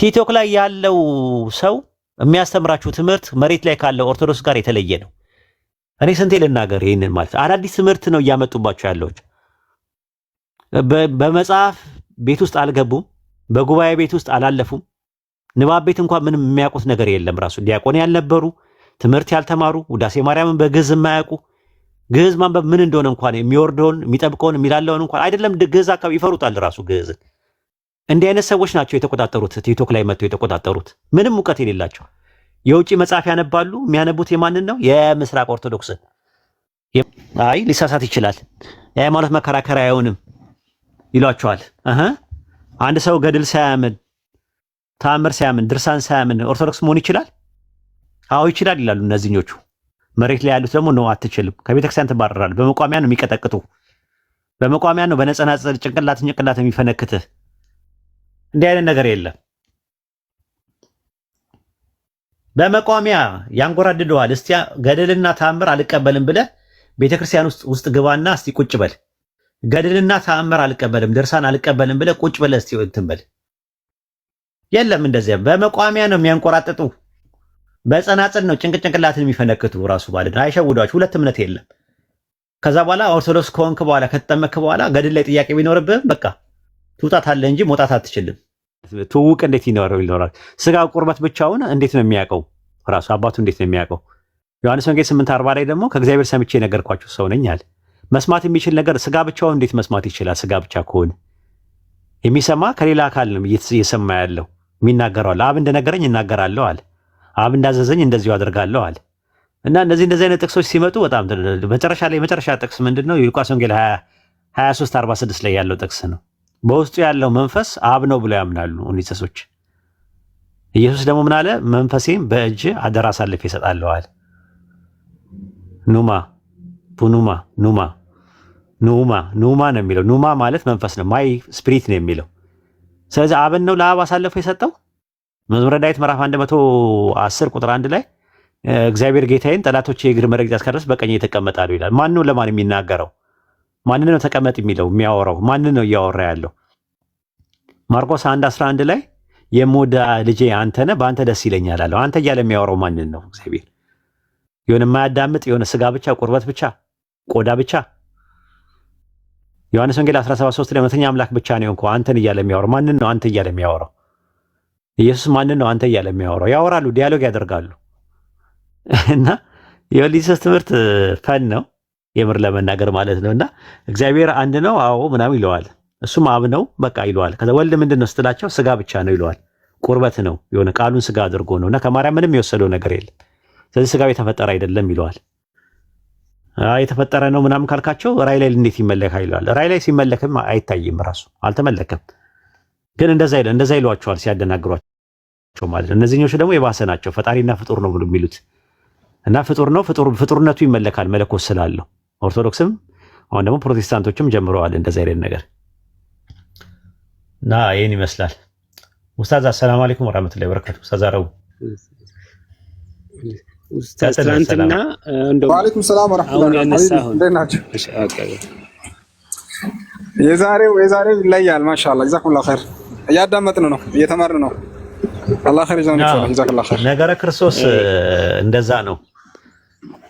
ቲክቶክ ላይ ያለው ሰው የሚያስተምራችሁ ትምህርት መሬት ላይ ካለው ኦርቶዶክስ ጋር የተለየ ነው። እኔ ስንቴ ልናገር ይህንን ማለት አዳዲስ ትምህርት ነው እያመጡባቸው ያለዎች። በመጽሐፍ ቤት ውስጥ አልገቡም፣ በጉባኤ ቤት ውስጥ አላለፉም። ንባብ ቤት እንኳን ምንም የሚያውቁት ነገር የለም። ራሱ ዲያቆን ያልነበሩ ትምህርት ያልተማሩ ውዳሴ ማርያምን በግዕዝ የማያውቁ ግዕዝ ማንበብ ምን እንደሆነ እንኳን የሚወርደውን የሚጠብቀውን የሚላለውን እንኳን አይደለም ግዕዝ አካባቢ ይፈሩታል ራሱ ግዕዝን እንዲህ አይነት ሰዎች ናቸው የተቆጣጠሩት። ቲክቶክ ላይ መጥተው የተቆጣጠሩት ምንም እውቀት የሌላቸው የውጭ መጽሐፍ ያነባሉ። የሚያነቡት የማንን ነው? የምስራቅ ኦርቶዶክስን። አይ ሊሳሳት ይችላል፣ የሃይማኖት መከራከሪያ አይሆንም ይሏቸዋል። አንድ ሰው ገድል ሳያምን ተአምር ሳያምን ድርሳን ሳያምን ኦርቶዶክስ መሆን ይችላል? አዎ ይችላል ይላሉ እነዚህኞቹ። መሬት ላይ ያሉት ደግሞ ነው አትችልም፣ ከቤተክርስቲያን ትባረራል። በመቋሚያ ነው የሚቀጠቅጡ፣ በመቋሚያ ነው በነጸናጸል ጭንቅላት ጭንቅላት የሚፈነክትህ እንዲህ አይነት ነገር የለም። በመቋሚያ ያንጎራድደዋል። እስቲ ገድልና ተአምር አልቀበልም ብለ ቤተክርስቲያን ውስጥ ውስጥ ግባና እስቲ ቁጭ በል። ገድልና ተአምር አልቀበልም፣ ድርሳን አልቀበልም ብለ ቁጭ በል። እስቲ እንትን በል። የለም እንደዚያ በመቋሚያ ነው የሚያንቆራጥጡ። በጸናጽል ነው ጭንቅጭንቅላትን የሚፈነክቱ ራሱ ማለት ነው። አይሸውዷችሁ። ሁለት እምነት የለም። ከዛ በኋላ ኦርቶዶክስ ከሆንክ በኋላ ከተጠመክ በኋላ ገድል ላይ ጥያቄ ቢኖርብህም በቃ ትውጣት አለ እንጂ መውጣት አትችልም። ትውውቅ እንዴት ይኖረው ይኖራል? ስጋ ቁርበት ብቻውን እንዴት ነው የሚያውቀው? ራሱ አባቱ እንዴት ነው የሚያውቀው? ዮሐንስ ወንጌል ስምንት አርባ ላይ ደግሞ ከእግዚአብሔር ሰምቼ የነገርኳችሁ ሰው ነኝ አለ። መስማት የሚችል ነገር ስጋ ብቻውን እንዴት መስማት ይችላል? ስጋ ብቻ ከሆነ የሚሰማ ከሌላ አካል ነው እየሰማ ያለው የሚናገረዋል። አብ እንደነገረኝ እናገራለሁ አለ። አብ እንዳዘዘኝ እንደዚሁ አድርጋለሁ አለ። እና እነዚህ እንደዚህ አይነት ጥቅሶች ሲመጡ በጣም መጨረሻ ላይ መጨረሻ ጥቅስ ምንድን ነው? የሉቃስ ወንጌል 23 46 ላይ ያለው ጥቅስ ነው። በውስጡ ያለው መንፈስ አብ ነው ብሎ ያምናሉ ኒሰሶች። ኢየሱስ ደግሞ ምን አለ? መንፈሴም በእጅ አደራ አሳልፌ እሰጣለሁ አለ። ኑማ ፑኑማ ኑማ ኑማ ኑማ ነው የሚለው። ኑማ ማለት መንፈስ ነው፣ ማይ ስፕሪት ነው የሚለው። ስለዚህ አብን ነው ለአብ አሳልፎ የሰጠው። መዝሙረ ዳዊት ምዕራፍ 110 ቁጥር አንድ ላይ እግዚአብሔር ጌታዬን ጠላቶች የእግር መረግጫ እስካደርስ በቀኝ የተቀመጣሉ ይላል። ማን ነው ለማን የሚናገረው? ማንን ነው ተቀመጥ የሚለው የሚያወራው? ማንን ነው እያወራ ያለው? ማርቆስ 1 11 ላይ የሞዳ ልጄ አንተነ በአንተ ደስ ይለኛል አለው። አንተ እያለ የሚያወራው ማንን ነው? እግዚአብሔር። የሆነ የማያዳምጥ የሆነ ስጋ ብቻ ቁርበት ብቻ ቆዳ ብቻ ዮሐንስ ወንጌል 17፥3 ላይ እውነተኛ አምላክ ብቻ ነው እንኳ አንተን እያለ የሚያወራው ማንን ነው? አንተ እያለ የሚያወራው ኢየሱስ ማንን ነው? አንተ እያለ የሚያወራው ያወራሉ፣ ዲያሎግ ያደርጋሉ። እና የሊሰስ ትምህርት ፈን ነው የምር ለመናገር ማለት ነው። እና እግዚአብሔር አንድ ነው አዎ ምናምን ይለዋል እሱም አብ ነው በቃ ይለዋል። ከዛ ወልድ ምንድን ነው ስትላቸው ስጋ ብቻ ነው ይለዋል። ቁርበት ነው የሆነ ቃሉን ስጋ አድርጎ ነው እና ከማርያም ምንም የወሰደው ነገር የለም። ስለዚህ ስጋ የተፈጠረ አይደለም ይለዋል። የተፈጠረ ነው ምናምን ካልካቸው ራይ ላይ እንዴት ይመለካ ይለዋል። ራይ ላይ ሲመለክም አይታይም፣ ራሱ አልተመለከም። ግን እንደዛ እንደዛ ይሏቸዋል ሲያደናግሯቸው ማለት ነው። እነዚህኞቹ ደግሞ የባሰ ናቸው። ፈጣሪና ፍጡር ነው ብሎ የሚሉት እና ፍጡር ነው ፍጡርነቱ ይመለካል መለኮት ስላለው ኦርቶዶክስም አሁን ደግሞ ፕሮቴስታንቶችም ጀምረዋል እንደዛ አይነት ነገር እና ይህን ይመስላል። ኡስታዝ አሰላሙ አለይኩም ወራህመቱላሂ ወበረካቱ። ኡስታዝ አረቡ ትናንትና ዋለይኩም ሰላም ወራህመቱላሂ የዛሬው የዛሬው ይለያል። ማሻአላ ጀዛኩሙላህ ኸይር። እያዳመጥን ነው፣ እየተማርን ነው። አላህ ኸይር ይዘን ይችላል። ጀዛኩሙላህ ኸይር። ነገረ ክርስቶስ እንደዛ ነው።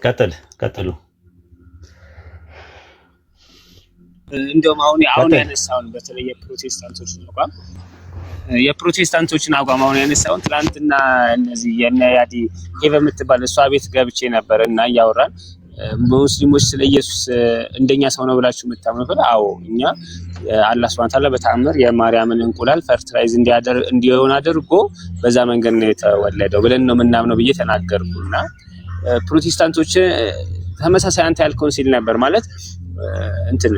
ቀጥል ቀጥሉ። እንዲሁም አሁን አሁን ያነሳውን በተለይ የፕሮቴስታንቶችን አቋም የፕሮቴስታንቶችን አቋም አሁን ያነሳውን ትላንትና እነዚህ የነያዲ ይህ በምትባል እሷ ቤት ገብቼ ነበር እና እያወራን ሙስሊሞች ስለ ኢየሱስ እንደኛ ሰው ነው ብላችሁ የምታምኑ ከሆነ አዎ፣ እኛ አላህ ሱብሃነሁ ወተዓላ በተአምር የማርያምን እንቁላል ፈርትራይዝ እንዲሆን አድርጎ በዛ መንገድ ነው የተወለደው ብለን ነው የምናምነው ብዬ ተናገርኩ እና ፕሮቴስታንቶች ተመሳሳይ አንተ ያልከውን ሲል ነበር ማለት እንትን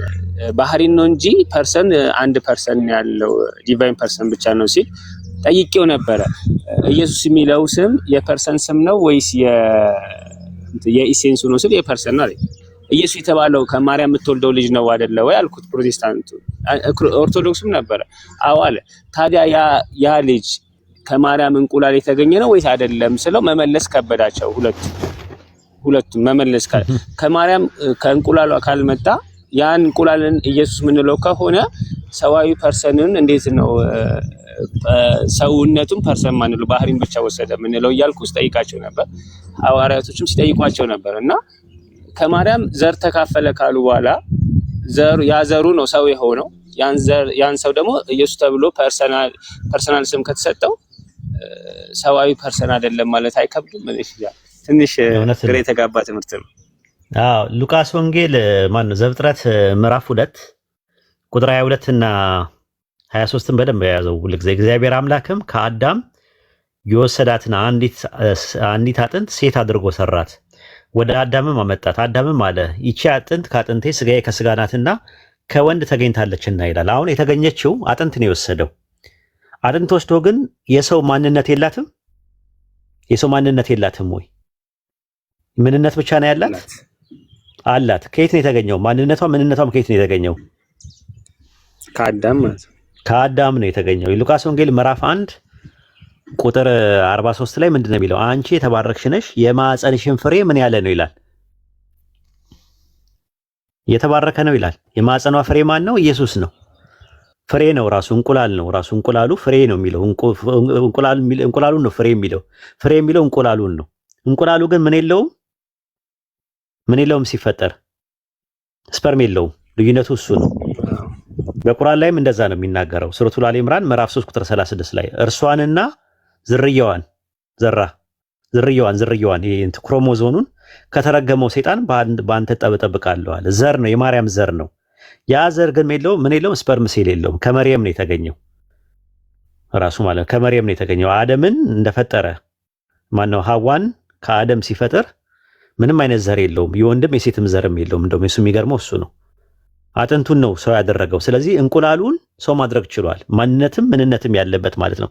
ባህሪን ነው እንጂ ፐርሰን አንድ ፐርሰን ያለው ዲቫይን ፐርሰን ብቻ ነው ሲል ጠይቄው ነበረ። ኢየሱስ የሚለው ስም የፐርሰን ስም ነው ወይስ የኢሴንሱ ነው ስል የፐርሰን ነው ኢየሱስ የተባለው ከማርያም የምትወልደው ልጅ ነው አደለ ወይ አልኩት። ፕሮቴስታንቱ ኦርቶዶክሱም ነበረ። አዎ አለ። ታዲያ ያ ልጅ ከማርያም እንቁላል የተገኘ ነው ወይስ አይደለም ስለው መመለስ ከበዳቸው ሁለቱ። ሁለቱም መመለስ ከማርያም ከእንቁላሏ ካልመጣ ያን እንቁላልን ኢየሱስ የምንለው ከሆነ ሰዋዊ ፐርሰንን እንዴት ነው ሰውነቱን ፐርሰን ማንለው ባህሪን ብቻ ወሰደ የምንለው እያልኩ ስጠይቃቸው ነበር። ሐዋርያቶችም ሲጠይቋቸው ነበር እና ከማርያም ዘር ተካፈለ ካሉ በኋላ ያ ዘሩ ነው ሰው የሆነው ያን ሰው ደግሞ ኢየሱስ ተብሎ ፐርሰናል ስም ከተሰጠው ሰዋዊ ፐርሰን አይደለም ማለት አይከብድም። ትንሽ ግራ የተጋባ ትምህርት ነው። አዎ ሉቃስ ወንጌል ማን ነው ዘፍጥረት ምዕራፍ ሁለት ቁጥር 22 እና 23ን በደንብ የያዘው ሁል ጊዜ እግዚአብሔር አምላክም ከአዳም የወሰዳትን አንዲት አጥንት ሴት አድርጎ ሰራት፣ ወደ አዳምም አመጣት። አዳምም አለ ይቺ አጥንት ከአጥንቴ ስጋዬ ከስጋ ናትና ከወንድ ተገኝታለችና ይላል። አሁን የተገኘችው አጥንት ነው የወሰደው። አጥንት ወስዶ ግን የሰው ማንነት የላትም፣ የሰው ማንነት የላትም ወይ ምንነት ብቻ ነው ያላት አላት። ከየት ነው የተገኘው? ማንነቷ ምንነቷም ከየት ነው የተገኘው? ከአዳም ነው። ከአዳም ነው የተገኘው። የሉቃስ ወንጌል ምዕራፍ አንድ ቁጥር 43 ላይ ምንድን ነው የሚለው? አንቺ የተባረክሽ ነሽ የማዕፀንሽን ፍሬ ምን ያለ ነው ይላል። የተባረከ ነው ይላል። የማዕፀኗ ፍሬ ማን ነው? ኢየሱስ ነው። ፍሬ ነው ራሱ እንቁላል ነው ራሱ እንቁላሉ ፍሬ ነው የሚለው እንቁላሉን ነው ፍሬ የሚለው ፍሬ የሚለው እንቁላሉን ነው። እንቁላሉ ግን ምን የለውም ምን የለውም ሲፈጠር ስፐርም የለውም። ልዩነቱ እሱ ነው። በቁርአን ላይም እንደዛ ነው የሚናገረው። ሱረቱል አሊ ኢምራን ምዕራፍ 3 ቁጥር 36 ላይ እርሷንና ዝርያዋን ዘራ ዝርያዋን ዝርያዋን ይሄን ክሮሞዞኑን ከተረገመው ሰይጣን በአንተ እጠብጠብቃለሁ አለ። ዘር ነው የማርያም ዘር ነው። ያ ዘር ግን የለውም ምን የለውም ስፐርም ሴል የለውም። ከመርየም ነው የተገኘው ራሱ ማለት ከመርየም ነው የተገኘው። አደምን እንደፈጠረ ማነው ሐዋን ከአደም ሲፈጥር ምንም አይነት ዘር የለውም። የወንድም የሴትም ዘርም የለውም። እንደውም እሱ የሚገርመው እሱ ነው። አጥንቱን ነው ሰው ያደረገው። ስለዚህ እንቁላሉን ሰው ማድረግ ችሏል። ማንነትም ምንነትም ያለበት ማለት ነው።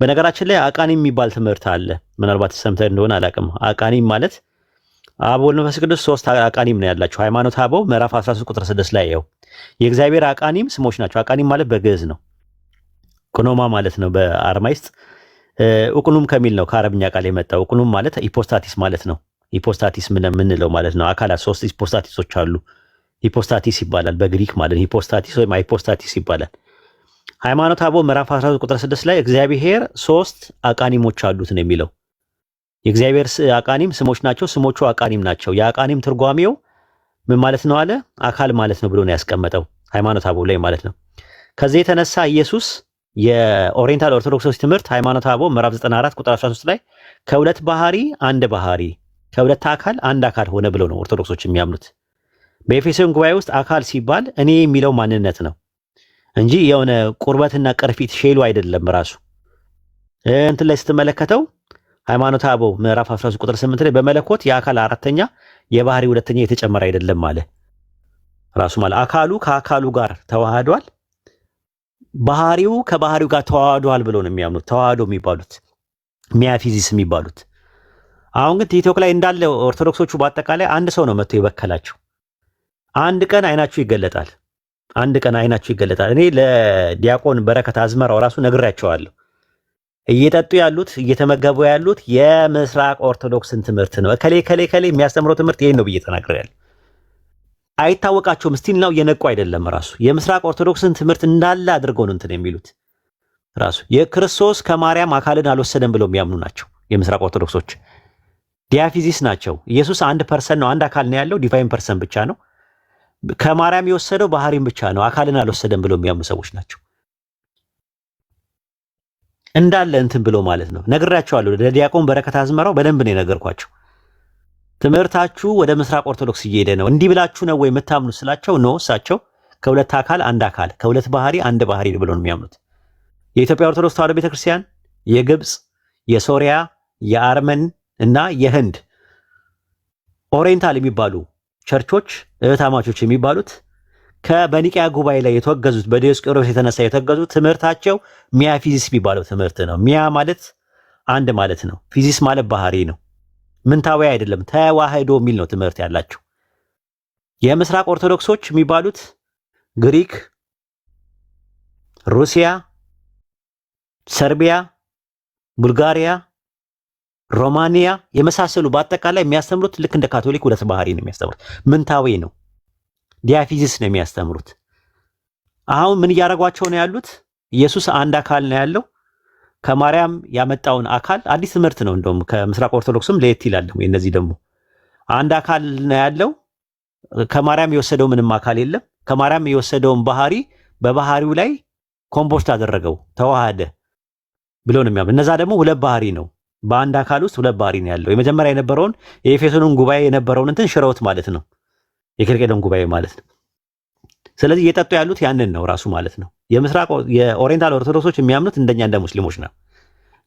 በነገራችን ላይ አቃኒ የሚባል ትምህርት አለ። ምናልባት ሰምተህ እንደሆነ አላውቅም። አቃኒ ማለት አብ ወልድ መንፈስ ቅዱስ ሶስት አቃኒም ነው ያላቸው። ሃይማኖት አበው ምዕራፍ 13 ቁጥር 6 ላይ ያው የእግዚአብሔር አቃኒም ስሞች ናቸው። አቃኒም ማለት በግዕዝ ነው። ቁኖማ ማለት ነው በአርማይስጥ። እቁኑም ከሚል ነው ከአረብኛ ቃል የመጣው። እቁኑም ማለት ኢፖስታቲስ ማለት ነው። ሂፖስታቲስ ምን ምንለው ማለት ነው። አካላት ሶስት ሂፖስታቲሶች አሉ። ሂፖስታቲስ ይባላል በግሪክ ማለት ሂፖስታቲስ ወይም ሃይፖስታቲስ ይባላል። ሃይማኖተ አበው ምዕራፍ 13 ቁጥር 6 ላይ እግዚአብሔር ሶስት አቃኒሞች አሉት ነው የሚለው። የእግዚአብሔር አቃኒም ስሞች ናቸው፣ ስሞቹ አቃኒም ናቸው። የአቃኒም ትርጓሜው ምን ማለት ነው አለ አካል ማለት ነው ብሎ ነው ያስቀመጠው ሃይማኖተ አበው ላይ ማለት ነው። ከዚህ የተነሳ ኢየሱስ የኦሪየንታል ኦርቶዶክሶች ትምህርት ሃይማኖተ አበው ምዕራፍ 94 ቁጥር 13 ላይ ከሁለት ባህሪ አንድ ባህሪ ከሁለት አካል አንድ አካል ሆነ ብለው ነው ኦርቶዶክሶች የሚያምኑት። በኤፌሶን ጉባኤ ውስጥ አካል ሲባል እኔ የሚለው ማንነት ነው እንጂ የሆነ ቁርበትና ቅርፊት ሼሉ አይደለም። ራሱ እንትን ላይ ስትመለከተው ሃይማኖተ አበው ምዕራፍ 13 ቁጥር 8 ላይ በመለኮት የአካል አራተኛ የባህሪ ሁለተኛ የተጨመረ አይደለም አለ። ራሱ ማለት አካሉ ከአካሉ ጋር ተዋህዷል፣ ባህሪው ከባህሪው ጋር ተዋህዷል ብሎ ነው የሚያምኑት ተዋህዶ የሚባሉት ሚያፊዚስ የሚባሉት አሁን ግን ቲክቶክ ላይ እንዳለ ኦርቶዶክሶቹ በአጠቃላይ አንድ ሰው ነው መጥቶ የበከላቸው። አንድ ቀን አይናችሁ ይገለጣል። አንድ ቀን አይናችሁ ይገለጣል። እኔ ለዲያቆን በረከት አዝመራው ራሱ ነግሬያቸዋለሁ። እየጠጡ ያሉት እየተመገቡ ያሉት የምስራቅ ኦርቶዶክስን ትምህርት ነው። ከሌ ከሌ ከሌ የሚያስተምረው ትምህርት ይሄን ነው ብዬ ተናግሬያለሁ። አይታወቃቸውም። ስቲል ነው እየነቁ አይደለም። ራሱ የምስራቅ ኦርቶዶክስን ትምህርት እንዳለ አድርገው ነው እንትን የሚሉት። ራሱ የክርስቶስ ከማርያም አካልን አልወሰደም ብለው የሚያምኑ ናቸው የምስራቅ ኦርቶዶክሶች። ዲያፊዚስ ናቸው። ኢየሱስ አንድ ፐርሰን ነው፣ አንድ አካል ነው ያለው፣ ዲቫይን ፐርሰን ብቻ ነው። ከማርያም የወሰደው ባህሪም ብቻ ነው፣ አካልን አልወሰደም ብሎ የሚያምኑ ሰዎች ናቸው። እንዳለ እንትን ብሎ ማለት ነው። ነግራቸዋለሁ። ለዲያቆን በረከት አዝመራው በደንብ ነው የነገርኳቸው። ትምህርታችሁ ወደ ምስራቅ ኦርቶዶክስ እየሄደ ነው፣ እንዲህ ብላችሁ ነው ወይ የምታምኑት ስላቸው፣ ነው እሳቸው ከሁለት አካል አንድ አካል ከሁለት ባህሪ አንድ ባህሪ ብሎ ነው የሚያምኑት። የኢትዮጵያ ኦርቶዶክስ ተዋህዶ ቤተክርስቲያን የግብፅ፣ የሶሪያ፣ የአርመን እና የህንድ ኦሪየንታል የሚባሉ ቸርቾች እህታማቾች የሚባሉት ከበኒቂያ ጉባኤ ላይ የተወገዙት በዲዮስቆሮስ የተነሳ የተወገዙት ትምህርታቸው ሚያ ፊዚስ የሚባለው ትምህርት ነው። ሚያ ማለት አንድ ማለት ነው። ፊዚስ ማለት ባህሪ ነው። ምንታዊ አይደለም። ተዋህዶ የሚል ነው ትምህርት ያላቸው። የምስራቅ ኦርቶዶክሶች የሚባሉት ግሪክ፣ ሩሲያ፣ ሰርቢያ፣ ቡልጋሪያ ሮማኒያ የመሳሰሉ በአጠቃላይ የሚያስተምሩት ልክ እንደ ካቶሊክ ሁለት ባህሪ ነው የሚያስተምሩት። ምንታዊ ነው፣ ዲያፊዚስ ነው የሚያስተምሩት። አሁን ምን እያደረጓቸው ነው ያሉት? ኢየሱስ አንድ አካል ነው ያለው ከማርያም ያመጣውን አካል አዲስ ትምህርት ነው። እንደውም ከምስራቅ ኦርቶዶክስም ለየት ይላል። ደግሞ ደግሞ አንድ አካል ነው ያለው ከማርያም የወሰደው ምንም አካል የለም። ከማርያም የወሰደውን ባህሪ በባህሪው ላይ ኮምፖስት አደረገው ተዋሃደ ብሎ ነው የሚያምኑ። እነዛ ደግሞ ሁለት ባህሪ ነው በአንድ አካል ውስጥ ሁለት ባህሪ ነው ያለው። የመጀመሪያ የነበረውን የኤፌሶንን ጉባኤ የነበረውን እንትን ሽረውት ማለት ነው፣ የኬልቄዶን ጉባኤ ማለት ነው። ስለዚህ እየጠጡ ያሉት ያንን ነው ራሱ ማለት ነው። የምስራቅ የኦሪንታል ኦርቶዶክሶች የሚያምኑት እንደኛ እንደ ሙስሊሞች ነው።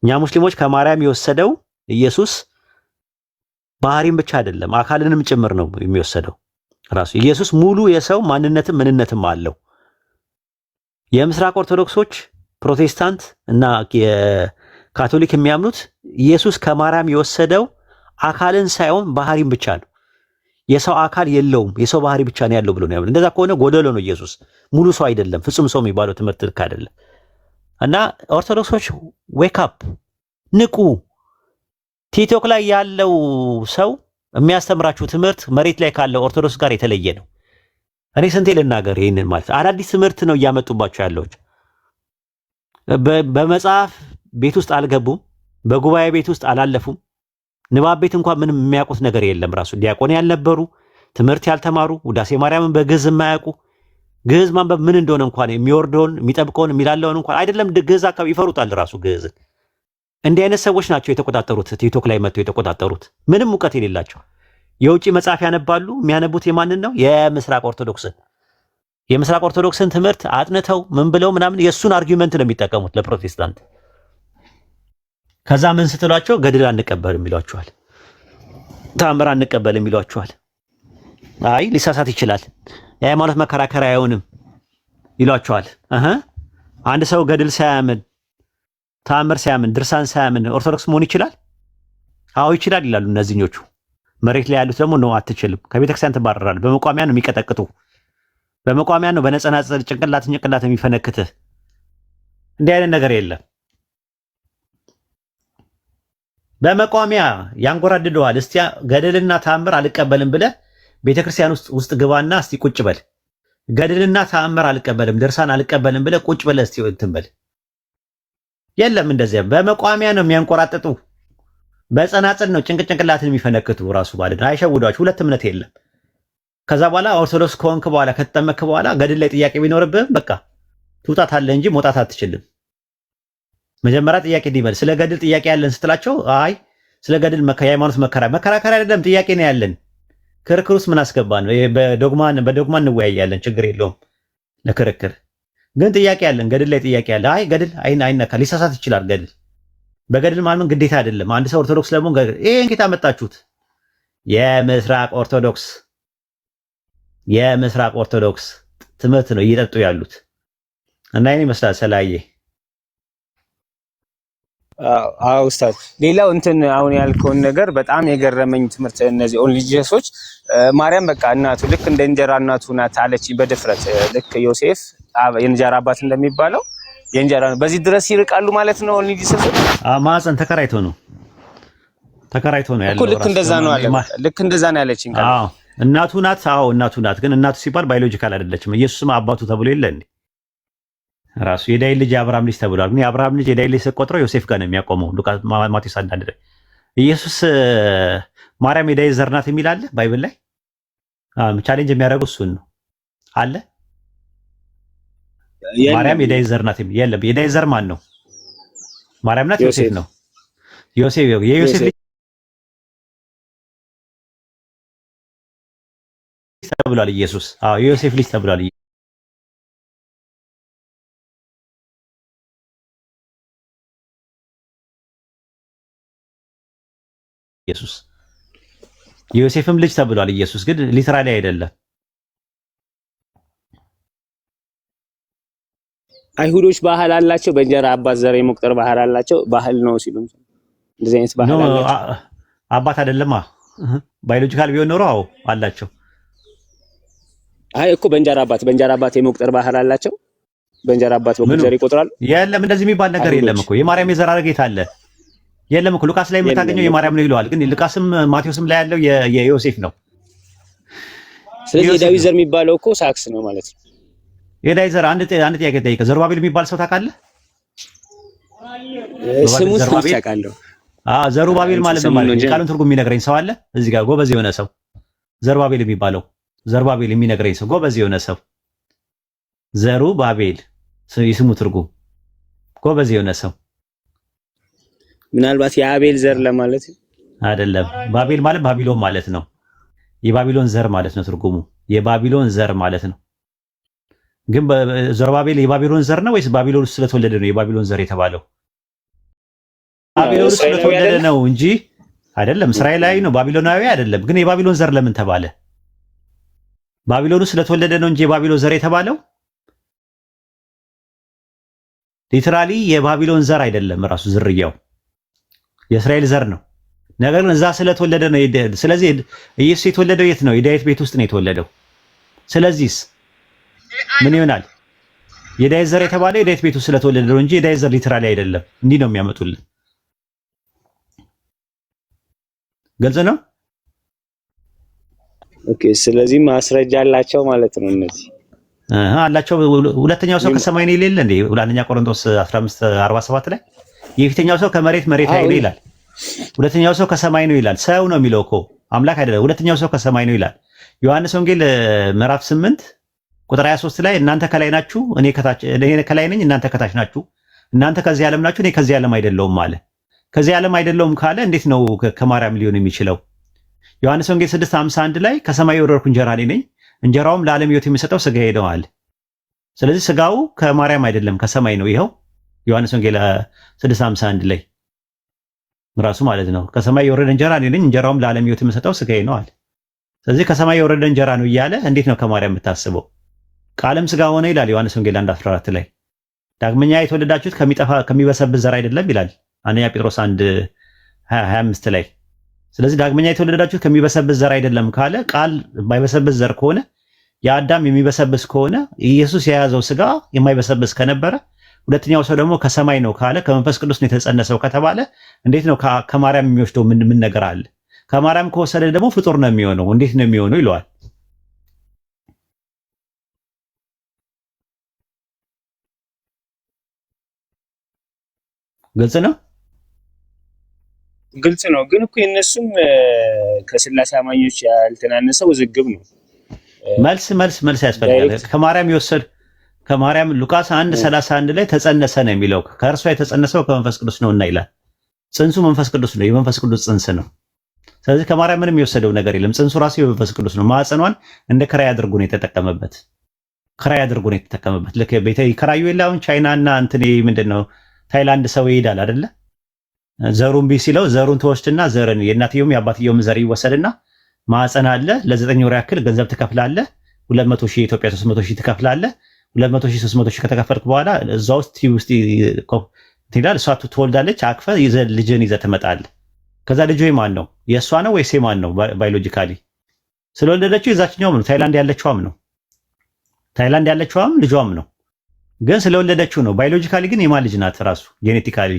እኛ ሙስሊሞች ከማርያም የወሰደው ኢየሱስ ባህሪም ብቻ አይደለም አካልንም ጭምር ነው የሚወሰደው። ራሱ ኢየሱስ ሙሉ የሰው ማንነትም ምንነትም አለው። የምስራቅ ኦርቶዶክሶች ፕሮቴስታንት እና ካቶሊክ የሚያምኑት ኢየሱስ ከማርያም የወሰደው አካልን ሳይሆን ባህሪም ብቻ ነው። የሰው አካል የለውም፣ የሰው ባህሪ ብቻ ነው ያለው ብሎ ነው። እንደዛ ከሆነ ጎደሎ ነው ኢየሱስ፣ ሙሉ ሰው አይደለም፣ ፍጹም ሰው የሚባለው ትምህርት ልክ አይደለም። እና ኦርቶዶክሶች ዌክ አፕ ንቁ። ቲክቶክ ላይ ያለው ሰው የሚያስተምራችሁ ትምህርት መሬት ላይ ካለው ኦርቶዶክስ ጋር የተለየ ነው። እኔ ስንቴ ልናገር ይህንን ማለት አዳዲስ ትምህርት ነው እያመጡባቸው ያለዎች በመጽሐፍ ቤት ውስጥ አልገቡም። በጉባኤ ቤት ውስጥ አላለፉም። ንባብ ቤት እንኳን ምንም የሚያውቁት ነገር የለም። ራሱ ዲያቆን ያልነበሩ ትምህርት ያልተማሩ ውዳሴ ማርያምን በግዕዝ የማያውቁ ግዕዝ ማንበብ ምን እንደሆነ እንኳን የሚወርደውን የሚጠብቀውን የሚላለውን እንኳን አይደለም ግዕዝ አካባቢ ይፈሩታል። ራሱ ግዕዝን እንዲህ አይነት ሰዎች ናቸው የተቆጣጠሩት። ቲክቶክ ላይ መጥተው የተቆጣጠሩት ምንም እውቀት የሌላቸው የውጭ መጽሐፍ ያነባሉ። የሚያነቡት የማንን ነው? የምስራቅ ኦርቶዶክስን። የምስራቅ ኦርቶዶክስን ትምህርት አጥንተው ምን ብለው ምናምን የእሱን አርጊመንት ነው የሚጠቀሙት ለፕሮቴስታንት ከዛ ምን ስትሏቸው ገድል አንቀበልም ይሏቸዋል። ተአምር አንቀበልም ይሏቸዋል። አይ ሊሳሳት ይችላል፣ የሃይማኖት መከራከሪያ አይሆንም ይሏቸዋል። አንድ ሰው ገድል ሳያምን ተአምር ሳያምን ድርሳን ሳያምን ኦርቶዶክስ መሆን ይችላል? አዎ ይችላል ይላሉ እነዚህኞቹ። መሬት ላይ ያሉት ደግሞ ነው አትችልም፣ ከቤተክርስቲያን ትባረራል። በመቋሚያ ነው የሚቀጠቅጡ፣ በመቋሚያ ነው በነጸናጸል ጭንቅላት ጭንቅላት የሚፈነክትህ። እንዲህ አይነት ነገር የለም። በመቋሚያ ያንጎራድደዋል። እስቲ ገድልና ተአምር አልቀበልም ብለ ቤተክርስቲያን ውስጥ ውስጥ ግባና እስቲ ቁጭ በል። ገድልና ተአምር አልቀበልም፣ ድርሳን አልቀበልም ብለ ቁጭ በለ እስቲ እንትን በል። የለም እንደዚያ በመቋሚያ ነው የሚያንቆራጥጡ። በጸናጽል ነው ጭንቅጭንቅላትን የሚፈነክቱ ራሱ ማለት አይሸውዷችሁ። ሁለት እምነት የለም። ከዛ በኋላ ኦርቶዶክስ ከሆንክ በኋላ ከተጠመክ በኋላ ገድል ላይ ጥያቄ ቢኖርብህም በቃ ትውጣት አለ እንጂ መውጣት አትችልም። መጀመሪያ ጥያቄ እንዲመልስ ስለ ገድል ጥያቄ ያለን ስትላቸው አይ ስለ ገድል የሃይማኖት መከራ መከራከሪያ አይደለም፣ ጥያቄ ነው ያለን። ክርክር ውስጥ ምን አስገባን? በዶግማ እንወያያለን፣ ችግር የለውም ለክርክር ግን ጥያቄ ያለን ገድል ላይ ጥያቄ ያለ አይ ገድል አይነካ፣ ሊሳሳት ይችላል። ገድል በገድል ማመን ግዴታ አይደለም። አንድ ሰው ኦርቶዶክስ ለመሆን ገድል ጌታ መጣችሁት። የምስራቅ ኦርቶዶክስ የምስራቅ ኦርቶዶክስ ትምህርት ነው እየጠጡ ያሉት እና ይህን ይመስላል ሰላዬ አዎ ኡስታዝ፣ ሌላው እንትን አሁን ያልከውን ነገር በጣም የገረመኝ ትምህርት እነዚህ ኦንሊ ጂሰሶች ማርያም በቃ እናቱ ልክ እንደ እንጀራ እናቱ ናት አለች በድፍረት ልክ ዮሴፍ የእንጀራ አባት እንደሚባለው የእንጀራ ነው። በዚህ ድረስ ይርቃሉ ማለት ነው። ኦንሊ ጂሰሶች ማህፀን ተከራይቶ ነው ተከራይቶ ነው ያለው። ልክ እንደዛ ነው አለ። ልክ እንደዛ ነው ያለችኝ። አዎ እናቱ ናት። አዎ እናቱ ናት። ግን እናቱ ሲባል ባዮሎጂካል አይደለችም። ኢየሱስም አባቱ ተብሎ የለ እንዴ? ራሱ የዳይ ልጅ የአብርሃም ልጅ ተብሏል። ግን የአብርሃም ልጅ የዳይ ልጅ ስትቆጥረው ዮሴፍ ጋር ነው የሚያቆመው። ሉቃስ ማቴዎስ አንዳንድ ላይ ኢየሱስ ማርያም የዳይ ዘር ናት የሚል አለ ባይብል ላይ ቻሌንጅ የሚያደርገው እሱን ነው አለ። ማርያም የዳይ ዘር ናት የሚል የለም። የዳይ ዘር ማን ነው? ማርያም ናት? ዮሴፍ ነው? ዮሴፍ የዮሴፍ ልጅ ተብሏል ኢየሱስ። አዎ የዮሴፍ ልጅ ተብሏል። ኢየሱስ የዮሴፍም ልጅ ተብሏል። ኢየሱስ ግን ሊትራሊ አይደለም። አይሁዶች ባህል አላቸው፣ በእንጀራ አባት ዘር የመቁጠር ባህል አላቸው። ባህል ነው ሲሉ እንደዚህ አይነት ባህል አላቸው። አባት አይደለማ ባዮሎጂካል ቢሆን ኖሮ አዎ አላቸው። አይ እኮ በእንጀራ አባት በእንጀራ አባት የመቁጠር ባህል አላቸው። በእንጀራ አባት በኩል ዘር ይቆጥራሉ። የለም እንደዚህ የሚባል ነገር የለም እኮ የማርያም የዘር ሐረግ የት አለ? የለም እኮ ሉቃስ ላይ የምታገኘው የማርያም ነው ይለዋል። ግን ሉቃስም ማቴዎስም ላይ ያለው የዮሴፍ ነው። ስለዚህ የዳዊት ዘር የሚባለው እኮ ሳክስ ነው ማለት ነው። የዳዊት ዘር አንድ አንድ ጥያቄ ጠይቀህ ዘሩባቤል የሚባል ሰው ታውቃለህ? ስሙን ታውቃለህ? አዎ ዘሩባቤል ማለት ነው ማለት ነው። ቃሉን ትርጉም የሚነግረኝ ሰው አለ እዚህ ጋር ጎበዝ የሆነ ሰው ዘሩባቤል የሚባለው ዘሩባቤል የሚነግረኝ ሰው ጎበዝ የሆነ ሰው ዘሩባቤል የስሙ ትርጉም ጎበዝ የሆነ ሰው ምናልባት የአቤል ዘር ለማለት አይደለም። ባቤል ማለት ባቢሎን ማለት ነው። የባቢሎን ዘር ማለት ነው ትርጉሙ። የባቢሎን ዘር ማለት ነው። ግን ዘሩባቤል የባቢሎን ዘር ነው ወይስ ባቢሎን ውስጥ ስለተወለደ ነው የባቢሎን ዘር የተባለው? ባቢሎን ስለተወለደ ነው እንጂ አይደለም እስራኤላዊ ነው፣ ባቢሎናዊ አይደለም። ግን የባቢሎን ዘር ለምን ተባለ? ባቢሎን ውስጥ ስለተወለደ ነው እንጂ የባቢሎን ዘር የተባለው ሊትራሊ የባቢሎን ዘር አይደለም ራሱ ዝርያው የእስራኤል ዘር ነው። ነገር ግን እዛ ስለተወለደ ነው። ስለዚህ ኢየሱስ የተወለደው የት ነው? የዳዊት ቤት ውስጥ ነው የተወለደው። ስለዚህስ ምን ይሆናል? የዳዊት ዘር የተባለው የዳዊት ቤት ውስጥ ስለተወለደ ነው እንጂ የዳዊት ዘር ሊትራሊ አይደለም። እንዲህ ነው የሚያመጡልን። ግልጽ ነው። ኦኬ። ስለዚህ ማስረጃ አላቸው ማለት ነው እነዚህ አላቸው። ሁለተኛው ሰው ከሰማይ ነው የሌለ እንዴ? አንደኛ ቆሮንቶስ 15 47 ላይ የፊተኛው ሰው ከመሬት መሬት ላይ ነው ይላል። ሁለተኛው ሰው ከሰማይ ነው ይላል። ሰው ነው የሚለው እኮ አምላክ አይደለም። ሁለተኛው ሰው ከሰማይ ነው ይላል። ዮሐንስ ወንጌል ምዕራፍ ስምንት ቁጥር 23 ላይ እናንተ ከላይ ናችሁ፣ እኔ ከላይ ነኝ፣ እናንተ ከታች ናችሁ፣ እናንተ ከዚህ ዓለም ናችሁ፣ እኔ ከዚህ ዓለም አይደለውም አለ። ከዚህ ዓለም አይደለውም ካለ እንዴት ነው ከማርያም ሊሆን የሚችለው? ዮሐንስ ወንጌል 6 51 ላይ ከሰማይ የወረድኩ እንጀራ እኔ ነኝ፣ እንጀራውም ለዓለም ሕይወት የሚሰጠው ስጋ ሄደዋል። ስለዚህ ስጋው ከማርያም አይደለም ከሰማይ ነው። ይኸው ዮሐንስ ወንጌል 651 ላይ ራሱ ማለት ነው ከሰማይ የወረደ እንጀራ እኔ ነኝ፣ እንጀራውም ለዓለም ሕይወት የምሰጠው ስጋዬ ነው አለ። ስለዚህ ከሰማይ የወረደ እንጀራ ነው እያለ እንዴት ነው ከማርያም የምታስበው? ቃልም ስጋ ሆነ ይላል ዮሐንስ ወንጌል 1:14 ላይ። ዳግመኛ የተወለዳችሁት ከሚጠፋ ከሚበሰብስ ዘር አይደለም ይላል አንደኛ ጴጥሮስ 25 ላይ። ስለዚህ ዳግመኛ የተወለዳችሁት ከሚበሰብስ ዘር አይደለም ካለ ቃል የማይበሰብስ ዘር ከሆነ የአዳም የሚበሰብስ ከሆነ ኢየሱስ የያዘው ስጋ የማይበሰብስ ከነበረ ሁለተኛው ሰው ደግሞ ከሰማይ ነው ካለ ከመንፈስ ቅዱስ ነው የተጸነሰው ከተባለ እንዴት ነው ከማርያም የሚወስደው ምን ነገር አለ? ከማርያም ከወሰደ ደግሞ ፍጡር ነው የሚሆነው። እንዴት ነው የሚሆነው ይለዋል። ግልጽ ነው ግልጽ ነው። ግን እኮ የእነሱም ከስላሴ አማኞች ያልተናነሰ ውዝግብ ነው። መልስ መልስ መልስ ያስፈልጋል። ከማርያም የወሰድ ከማርያም ሉቃስ 1 31 ላይ ተጸነሰ ነው የሚለው። ከእርሷ የተጸነሰው ከመንፈስ ቅዱስ ነውና ይላል። ጽንሱ መንፈስ ቅዱስ ነው። የመንፈስ ቅዱስ ጽንስ ነው። ስለዚህ ከማርያም ምንም የወሰደው ነገር የለም። ጽንሱ ራሱ የመንፈስ ቅዱስ ነው። ማዕፀኗን እንደ ክራይ አድርጎ ነው የተጠቀመበት። ክራይ አድርጎ ነው የተጠቀመበት። ልክ ቤተ ክራዩ የለ አሁን ቻይና እና እንትን ምንድን ነው ታይላንድ ሰው ይሄዳል አይደለ? ዘሩን ቢ ሲለው ዘሩን ትወስድና ዘርን የእናትየውም የአባትየውም ዘር ይወሰድና ማዕፀን አለ። ለዘጠኝ ወር ያክል ገንዘብ ትከፍላለህ። ሁለት መቶ ሺህ የኢትዮጵያ ሶስት መቶ ሺህ ትከፍላለህ ሁለት መቶ ሺህ ሦስት መቶ ሺህ ከተከፈልክ በኋላ እዛ ውስጥ ውስጥ ይላል እሷ ትወልዳለች። አቅፈ ልጅን ይዘ ትመጣለህ። ከዛ ልጁ ማን ነው? የእሷ ነው ወይስ ማን ነው? ባዮሎጂካሊ ስለወለደችው የዛችኛውም ነው። ታይላንድ ያለችዋም ነው። ታይላንድ ያለችዋም ልጇም ነው። ግን ስለወለደችው ነው። ባዮሎጂካሊ ግን የማን ልጅ ናት? ራሱ ጄኔቲካሊ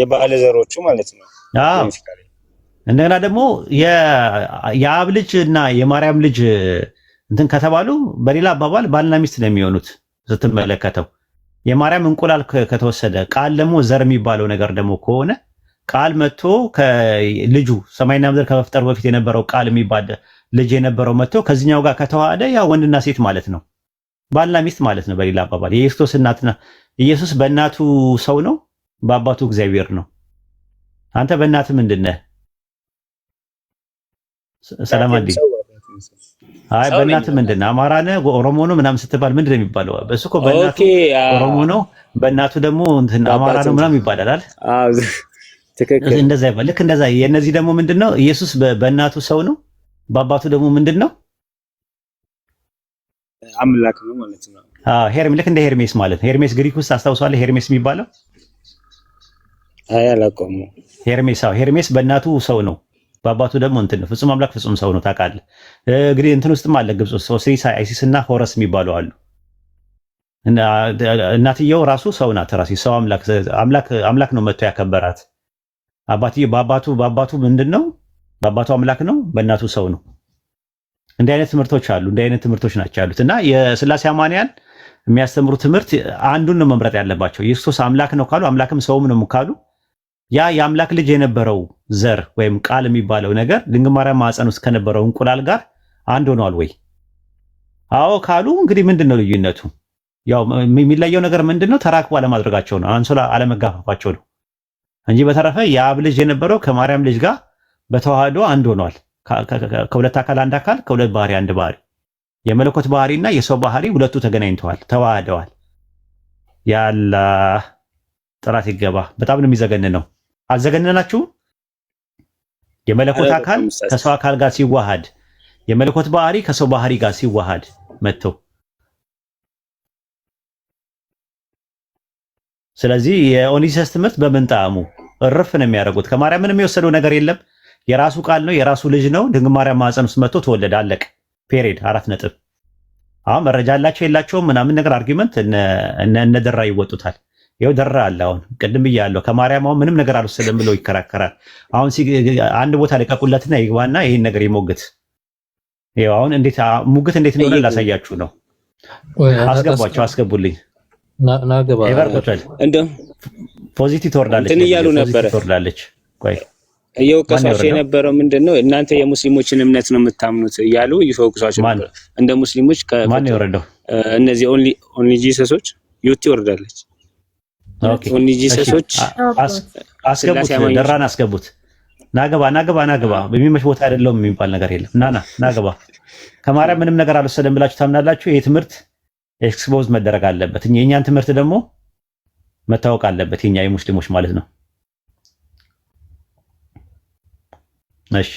የባለ ዘሮቹ ማለት ነው። እንደገና ደግሞ የአብ ልጅ እና የማርያም ልጅ እንትን ከተባሉ በሌላ አባባል ባልና ሚስት ነው የሚሆኑት ስትመለከተው። የማርያም እንቁላል ከተወሰደ ቃል ደግሞ ዘር የሚባለው ነገር ደግሞ ከሆነ ቃል መጥቶ ከልጁ ሰማይና ምድር ከመፍጠር በፊት የነበረው ቃል የሚባል ልጅ የነበረው መጥቶ ከዚህኛው ጋር ከተዋሃደ ያ ወንድና ሴት ማለት ነው፣ ባልና ሚስት ማለት ነው። በሌላ አባባል የክርስቶስ እናትና ኢየሱስ በእናቱ ሰው ነው፣ በአባቱ እግዚአብሔር ነው። አንተ በእናት ምንድነህ? ሰላም አዲ አይ በእናት ምንድን ነው አማራ ነህ ኦሮሞ ነው ምናምን ስትባል ምንድን ነው የሚባለው? በእሱ እኮ በእናቱ ኦሮሞ ነው በእናቱ ደግሞ አማራ ነው ምናምን ይባላል አይደል? እንደዛ ይባል። ልክ እንደዛ የእነዚህ ደግሞ ምንድን ነው ኢየሱስ በእናቱ ሰው ነው፣ በአባቱ ደግሞ ምንድን ነው አምላክ ነው ማለት ነው። ሄርሜ ልክ እንደ ሄርሜስ ማለት ሄርሜስ ግሪክ ውስጥ አስታውሳለህ? ሄርሜስ የሚባለው አይ አላውቀውም። ሄርሜስ አዎ፣ ሄርሜስ በእናቱ ሰው ነው በአባቱ ደግሞ እንትን ፍጹም አምላክ ፍጹም ሰው ነው። ታውቃለህ እንግዲህ እንትን ውስጥም አለ ግብጽ ውስጥ ኦሲሪስ፣ አይሲስ እና ሆረስ የሚባሉ አሉ። እናትየው ራሱ ሰው ናት። ራሱ ሰው አምላክ ነው መጥቶ ያከበራት። በአባቱ በአባቱ ምንድን ነው በአባቱ አምላክ ነው፣ በእናቱ ሰው ነው። እንዲህ አይነት ትምህርቶች አሉ። እንዲህ አይነት ትምህርቶች ናቸው ያሉት እና የስላሴ አማንያን የሚያስተምሩ ትምህርት አንዱን ነው መምረጥ ያለባቸው። ኢየሱስ አምላክ ነው ካሉ አምላክም ሰውም ነው ካሉ ያ የአምላክ ልጅ የነበረው ዘር ወይም ቃል የሚባለው ነገር ድንግል ማርያም ማዕፀን ውስጥ ከነበረው እንቁላል ጋር አንድ ሆኗል ወይ? አዎ ካሉ እንግዲህ ምንድን ነው ልዩነቱ? ያው የሚለየው ነገር ምንድን ነው? ተራክቦ አለማድረጋቸው ነው፣ አንሶላ አለመጋፋፋቸው ነው እንጂ በተረፈ የአብ ልጅ የነበረው ከማርያም ልጅ ጋር በተዋህዶ አንድ ሆኗል። ከሁለት አካል አንድ አካል፣ ከሁለት ባህሪ አንድ ባህሪ፣ የመለኮት ባህሪ እና የሰው ባህሪ ሁለቱ ተገናኝተዋል፣ ተዋህደዋል። ያላ ጥራት ይገባ። በጣም ነው የሚዘገን ነው። አልዘገነናችሁ? የመለኮት አካል ከሰው አካል ጋር ሲዋሃድ፣ የመለኮት ባህሪ ከሰው ባህሪ ጋር ሲዋሃድ መጥቶ ስለዚህ የኦኒሴስ ትምህርት በምንጣሙ እርፍ ነው የሚያደርጉት። ከማርያም ምንም የወሰደው ነገር የለም። የራሱ ቃል ነው፣ የራሱ ልጅ ነው። ድንግል ማርያም ማህፀን ውስጥ መጥቶ ተወለደ። አለቅ ፔሬድ አራት ነጥብ። አሁን መረጃ አላቸው የላቸውም ምናምን ነገር አርጊመንት እነደራ ይወጡታል። ይኸው ደራ አለ። አሁን ቅድም ብያለሁ ከማርያም አሁን ምንም ነገር አልወሰደም ብሎ ይከራከራል። አሁን አንድ ቦታ ልቀቁለትና ይግባና ይህን ነገር ይሞግት። ይኸው አሁን እንዴት ሙግት እንዴት እንደሆነ ላሳያችሁ ነው። አስገቧቸው፣ አስገቡልኝ። ናገባበርቶል እንደ ፖዚቲቭ ትወርዳለች፣ እንትን እያሉ ነበረ ትወርዳለች። ቆይ እየወቀሷቸው የነበረው ምንድን ነው? እናንተ የሙስሊሞችን እምነት ነው የምታምኑት እያሉ እየወቀሷቸው ነበር። እንደ ሙስሊሞች ማን የወረደው? እነዚህ ኦንሊ ጂሰሶች ዩቲ ወርዳለች ጂሰሶች አስገቡት፣ ደራን አስገቡት። ናገባ ናገባ ናገባ የሚመች ቦታ አይደለውም የሚባል ነገር የለም። ናና ናገባ ከማርያም ምንም ነገር አልወሰደም ብላችሁ ታምናላችሁ። ይህ ትምህርት ኤክስፖዝ መደረግ አለበት። የእኛን ትምህርት ደግሞ መታወቅ አለበት። የኛ የሙስሊሞች ማለት ነው። እሺ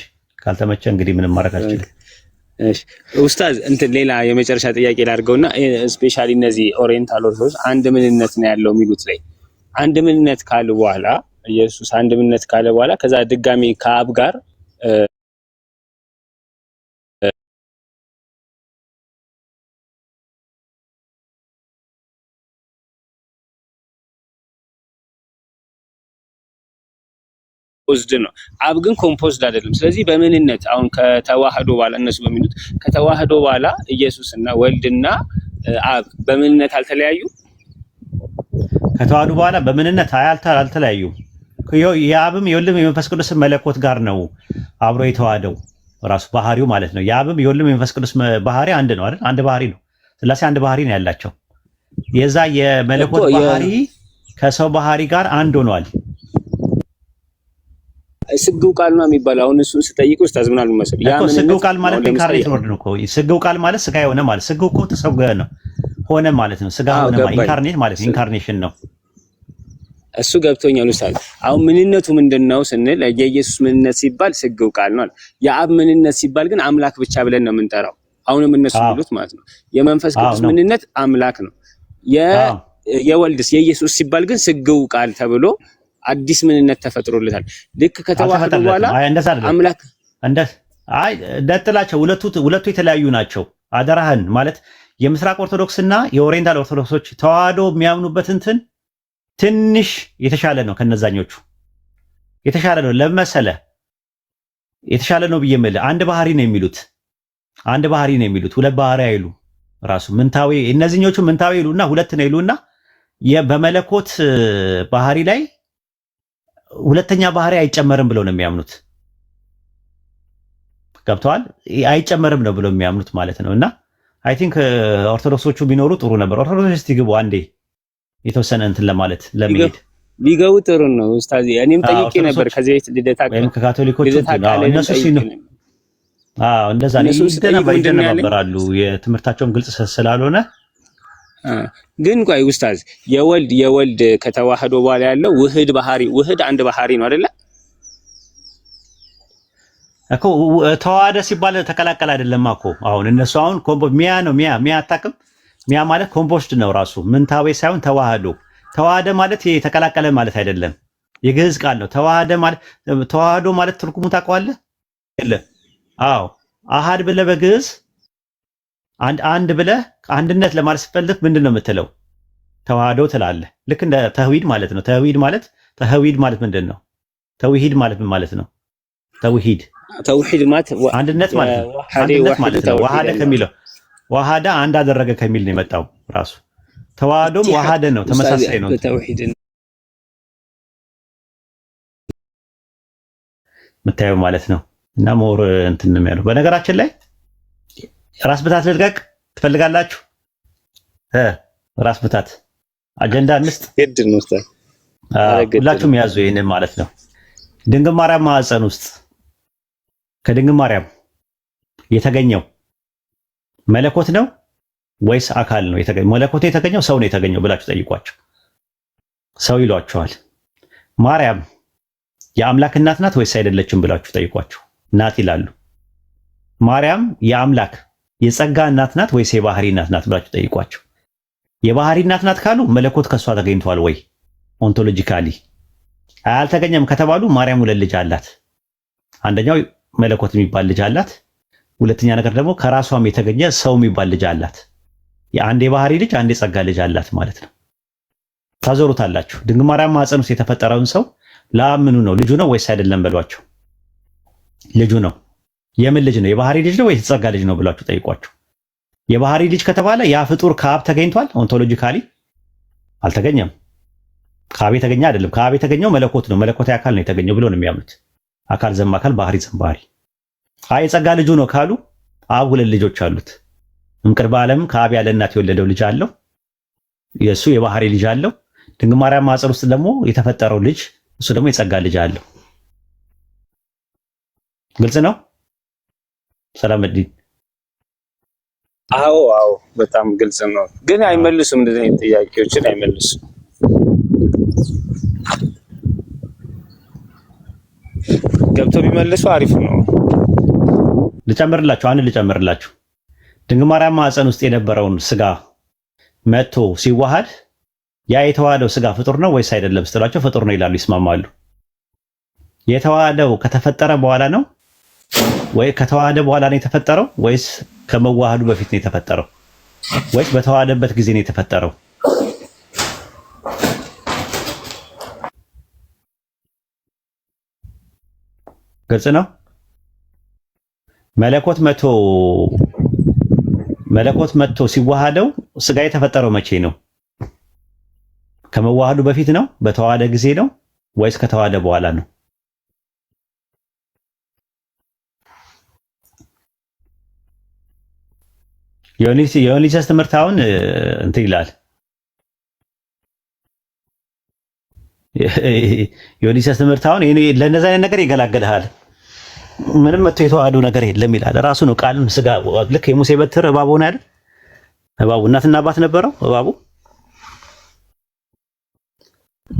ካልተመቸ እንግዲህ ምንም ማድረግ አልችልም። ኡስታዝ እንትን ሌላ የመጨረሻ ጥያቄ ላድርገውና ስፔሻሊ እነዚህ ኦሪየንታሎች አንድ ምንነት ነው ያለው የሚሉት ላይ አንድ ምንነት ካለ በኋላ ኢየሱስ አንድ ምንነት ካለ በኋላ ከዛ ድጋሚ ከአብ ጋር ኮምፖዝድ ነው። አብ ግን ኮምፖዝድ አይደለም። ስለዚህ በምንነት አሁን ከተዋህዶ በኋላ እነሱ በሚሉት ከተዋህዶ በኋላ ኢየሱስና ወልድና አብ በምንነት አልተለያዩ ከተዋዱ በኋላ በምንነት አልተለያዩም። የአብም የወልድም የመንፈስ ቅዱስ መለኮት ጋር ነው አብሮ የተዋደው ራሱ ባህሪው ማለት ነው። የአብም የወልድም የመንፈስ ቅዱስ ባህሪ አንድ ነው አይደል? አንድ ባህሪ ነው። ስላሴ አንድ ባህሪ ነው ያላቸው። የዛ የመለኮት ባህሪ ከሰው ባህሪ ጋር አንድ ሆኗል። ስግው ቃል ነው የሚባለው። አሁን እሱን ስጠይቅ ውስጥ አዝምናል መሰለኝ። ስግው ቃል ማለት ኢንካርኔት ወርድ ነው። ስግው ቃል ማለት ስጋ የሆነ ማለት ስግው እኮ ተሰገ ነው ሆነ ማለት ነው። ስጋ ሆነ ኢንካርኔት ማለት ነው። ኢንካርኔሽን ነው እሱ ገብቶኛል። ውሳኔ አሁን ምንነቱ ምንድነው ስንል የኢየሱስ ምንነት ሲባል ስግው ቃል ነው። የአብ ምንነት ሲባል ግን አምላክ ብቻ ብለን ነው የምንጠራው። አሁንም እነሱ ብሉት ማለት ነው። የመንፈስ ቅዱስ ምንነት አምላክ ነው። የወልድስ የኢየሱስ ሲባል ግን ስግው ቃል ተብሎ አዲስ ምንነት ተፈጥሮለታል። ልክ ከተዋህዱ በኋላ አምላክ እንደ አይ ደጥላቸው ሁለቱ ሁለቱ የተለያዩ ናቸው። አደራህን ማለት የምስራቅ ኦርቶዶክስና የኦሬንታል ኦርቶዶክሶች ተዋህዶ የሚያምኑበት እንትን ትንሽ የተሻለ ነው። ከነዛኞቹ የተሻለ ነው። ለመሰለ የተሻለ ነው ብዬ አንድ ባህሪ ነው የሚሉት አንድ ባህሪ ነው የሚሉት ሁለት ባህሪ አይሉ ራሱ ምንታዊ እነዚህኞቹ ምንታዊ ይሉና ሁለት ነው ይሉና በመለኮት ባህሪ ላይ ሁለተኛ ባህሪ አይጨመርም ብለው ነው የሚያምኑት። ገብተዋል። አይጨመርም ነው ብለው የሚያምኑት ማለት ነው እና አይ ቲንክ ኦርቶዶክሶቹ ቢኖሩ ጥሩ ነበር። ኦርቶዶክስ ትግቡ አንዴ የተወሰነ እንትን ለማለት ለመሄድ ቢገቡ ጥሩ ነው። ኡስታዝ እኔም ጠይቄ ነበር ከዚህ ቤት ልደታ ወይም ከካቶሊኮቹ እነሱ ሲኑ አዎ እንደዛ ነው ይደነበራሉ። የትምህርታቸውም ግልጽ ስላልሆነ ግን ቆይ ኡስታዝ የወልድ የወልድ ከተዋህዶ በኋላ ያለው ውህድ ባህሪ ውህድ አንድ ባህሪ ነው አይደለ? እኮ ተዋሃደ ሲባል ተቀላቀለ አይደለም እኮ አሁን እነሱ አሁን ኮምፖ ሚያ ነው ሚያ ሚያ አታውቅም። ሚያ ማለት ኮምፖስት ነው ራሱ ምንታዌ ሳይሆን ተዋህዶ። ተዋህደ ማለት የተቀላቀለ ማለት አይደለም፣ የግዕዝ ቃል ነው። ተዋሃደ ማለት ተዋህዶ ማለት ትርጉሙ ታውቀዋለህ? የለም። አዎ አሃድ ብለህ በግዕዝ አንድ አንድ ብለህ አንድነት ለማለት ስትፈልግ ምንድን ነው የምትለው? ተዋህዶ ትላለህ። ልክ እንደ ተህዊድ ማለት ነው። ተህዊድ ማለት ተህዊድ ማለት ምንድን ነው? ተውሂድ ማለት ምን ማለት ነው? ተውሂድ ተውሂድ ማለት አንድነት ማለት ነው። ዋሃደ ማለት ነው። ከሚለው ወሃዳ አንድ አደረገ ከሚል ነው የመጣው ራሱ ተዋህዶም ዋሃደ ነው፣ ተመሳሳይ ነው። የምታየው ማለት ነው። እና ሞር እንትን ነው የሚያለው። በነገራችን ላይ ራስ ብታት ልልቀቅ ትፈልጋላችሁ? ራስ ብታት አጀንዳ እንስጥ፣ ሁላችሁም ያዙ። ይህንን ማለት ነው ድንግል ማርያም ማህፀን ውስጥ ከድንግል ማርያም የተገኘው መለኮት ነው ወይስ አካል ነው የተገኘው? መለኮት የተገኘው ሰው ነው የተገኘው ብላችሁ ጠይቋቸው። ሰው ይሏቸዋል። ማርያም የአምላክ እናት ናት ወይስ አይደለችም ብላችሁ ጠይቋቸው። ናት ይላሉ። ማርያም የአምላክ የጸጋ እናት ናት ወይስ የባህሪ እናት ናት ብላችሁ ጠይቋቸው። የባህሪ እናት ናት ካሉ መለኮት ከእሷ ተገኝቷል ወይ? ኦንቶሎጂካሊ አልተገኘም ከተባሉ ማርያም ሁለት ልጅ አላት። አንደኛው መለኮት የሚባል ልጅ አላት። ሁለተኛ ነገር ደግሞ ከራሷም የተገኘ ሰው የሚባል ልጅ አላት። የአንድ የባህሪ ልጅ አንድ የጸጋ ልጅ አላት ማለት ነው። ታዞሩታላችሁ። ድንግል ማርያም ማኅፀን ውስጥ የተፈጠረውን ሰው ለምኑ ነው ልጁ ነው ወይስ አይደለም በሏቸው። ልጁ ነው። የምን ልጅ ነው? የባህሪ ልጅ ነው ወይስ የጸጋ ልጅ ነው ብሏችሁ ጠይቋቸው። የባህሪ ልጅ ከተባለ ያ ፍጡር ከአብ ተገኝቷል? ኦንቶሎጂካሊ አልተገኘም። ከአብ የተገኘ አይደለም። ከአብ የተገኘው መለኮት ነው። መለኮታዊ አካል ነው የተገኘው ብሎ ነው የሚያምኑት። አካል ዘም አካል፣ ባህሪ ዘም ባህሪ። አይ የጸጋ ልጁ ነው ካሉ አብ ሁለት ልጆች አሉት። እምቅድመ ዓለም ከአብ ያለ እናት የወለደው ልጅ አለው። የእሱ የባህሪ ልጅ አለው። ድንግል ማርያም ማኅፀን ውስጥ ደግሞ የተፈጠረው ልጅ እሱ ደግሞ የጸጋ ልጅ አለው። ግልጽ ነው። ሰላም ዲን አዎ፣ አዎ በጣም ግልጽ ነው። ግን አይመልሱም፣ እንደዚህ ጥያቄዎችን አይመልሱም። ገብቶ ቢመልሱ አሪፍ ነው። ልጨምርላችሁ፣ አንድ ልጨምርላችሁ። ድንግል ማርያም ማህፀን ውስጥ የነበረውን ስጋ መጥቶ ሲዋሃድ ያ የተዋሃደው ስጋ ፍጡር ነው ወይስ አይደለም ስትሏቸው ፍጡር ነው ይላሉ፣ ይስማማሉ። የተዋሃደው ከተፈጠረ በኋላ ነው ወይ ከተዋሃደ በኋላ ነው የተፈጠረው ወይስ ከመዋሃዱ በፊት ነው የተፈጠረው ወይስ በተዋሃደበት ጊዜ ነው የተፈጠረው? ግልጽ ነው። መለኮት መቶ መለኮት መጥቶ ሲዋሃደው ስጋ የተፈጠረው መቼ ነው? ከመዋሃዱ በፊት ነው? በተዋሃደ ጊዜ ነው ወይስ ከተዋሃደ በኋላ ነው? የዮኒሲስ ትምህርት አሁን እንትን ይላል። የዮኒሲስ ትምህርት አሁን ለእነዚህ አይነት ነገር ይገላገልሃል። ምንም መጥቶ የተዋህዶ ነገር የለም ይላል። ራሱ ነው ቃሉን ስጋ ልክ የሙሴ በትር እባቡ ነው አይደል? እባቡ እናትና አባት ነበረው እባቡ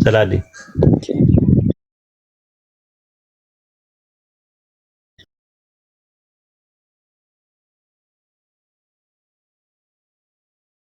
ስላለ